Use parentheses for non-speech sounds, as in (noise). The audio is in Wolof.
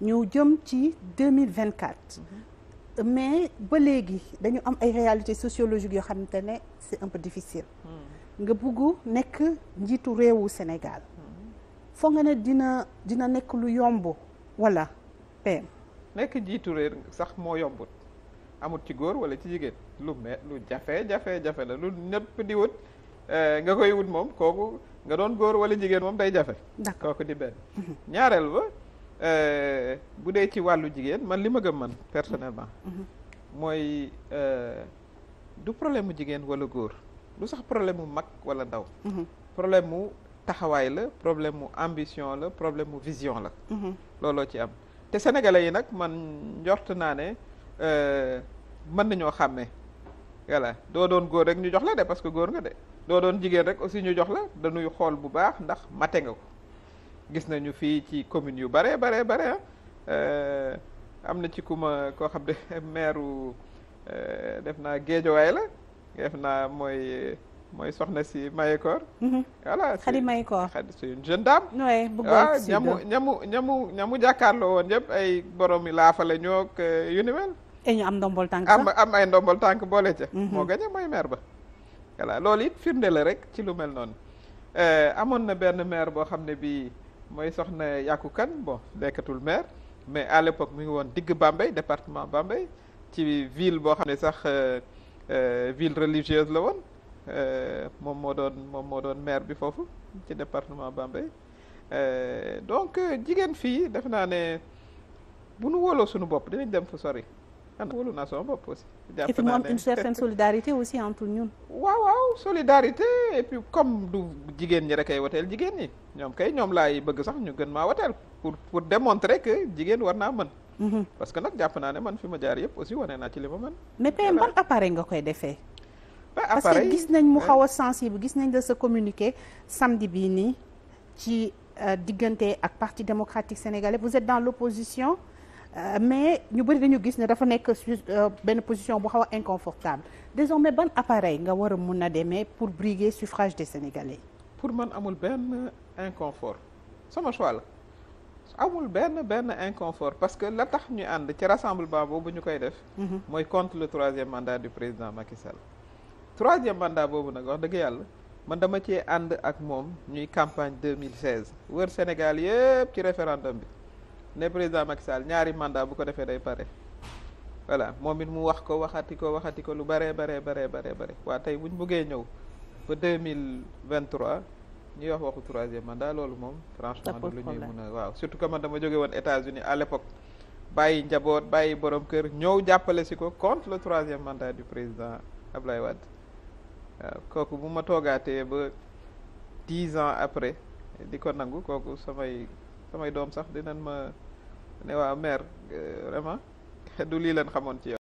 ñu jëm ci 2024 mais ba léegi dañu am ay réalité sociologique yoo xamante ne c'est un peu difficile hmm. nga bëgg nekk njiitu réewu Sénégal hmm. foog nga ne dina dina nekk lu yomb wala PM nekk njiitu réew sax moo yombut amut ci góor wala ci jigéen lu me lu jafe jafe jafe la lu ñëpp di wut eh, nga koy wut moom kooku nga doon góor wala jigéen moom day jafe kooku di benn mhm. ñaareel ba Euh, bu dee ci wàllu jigéen man li ma gëm man personnellement. Mhm. mooy euh, du problème mu jigéen wala góor lu sax problème mu mag wala ndaw. Mhm. problème mu taxawaay la problème mu ambition la problème mu vision la. Mhm. looloo ci am te sénégalais yi nag man njort naa ne euh, mën nañoo xàmmee voilà doo doon góor rek ñu jox la de parce que góor nga de doo doon jigéen rek aussi ñu jox la dañuy xool bu baax ndax mate nga ko. gis nañu fii ci communes yu bare bare bare ah am na ci ku koo xam ne (laughs) maire eh, def naa waay la def naa mooy mooy soxna si Mayekor. Mhm. voilà xadi Mayekor xadi c'est une jeune dame. nooy bëggoon si ñamu ñamu ñamu ñamu jàkkaarloo ay borom yi laafale ñoo eh, yu ni mel. et ñu am ndombol tànk am am ay ndombol tànk boole ca. Mhm. moo gañe mooy maire ba. voilà loolu it firnde la rek ci lu mel noonu amoon na benn maire boo xam ne bii. mooy soxna Yaku Kane bon nekkatul maire mais à l'époque mu ngi woon digg Bambey département Bambey ci ville boo xam ne sax euh, euh, ville religieuse la woon euh, moom moo doon moom moo doon maire bi foofu ci département Bambey donc jigéen fii def naa ne bu nu wóoloo suñu bopp dinañ dem fu sori wóolu naa sama bopp aussi. et puis am une certaine solidarité aussi entre ñun. waaw waaw solidarité et comme du jigéen ñi rek ay woteel jigéen ñi ñoom kay ñoom laay bëgg sax ñu gën maa woteel pour pour démontrer que jigéen war naa mën. Mhm. parce que nag jàpp naa ne man fi ma jaar yëpp aussi wane naa ci li ma mais PM ban appareil nga koy defee. parce que gis nañ mu xaw a sensible gis nañ la sa communiquer samedi bii nii ci euh, diggante ak parti démocratique sénégalais vous êtes dans l'opposition Euh, mais ñu bëri dañu gis ne dafa nekk euh, benn position bu xaw a inconfortable désormais ban appareil nga war a mun a demee pour briguer suffrage des sénégalais. pour man amul benn inconfort sama choix la amul benn benn inconfort parce que la tax ñu ànd ci rassemblement boobu ñu koy def. Mhm. mooy contre troisième mandat du président Macky Sall. troisième mandat boobu nag wax dëgg yàlla man dama cee ànd ak moom ñuy campagne 2016 wër Sénégal yëpp ci référendum bi. ne président Macky Sall ñaari mandat bu ko defee day pare voilà moom it mu wax ko waxati ko waxati ko lu baree bare baree baree bare waa tey buñ buggee ñëw ba deux mille vingt trois ñuy wax waxu troisième mandat loolu moom franchement lu ñuy mun a waaw surtout que man dama jóge woon États-Unis à l'époque bàyyi njaboot bàyyi boroom kër ñëw jàppale si ko contre le troisième mandat du président Ablaye Wade waaw kooku bu ma toogaatee ba dix ans après di ko nangu kooku samay samay doom sax dinañ ma ne waa mère euh, vraiment (laughs) du lii leen xamoon ci yow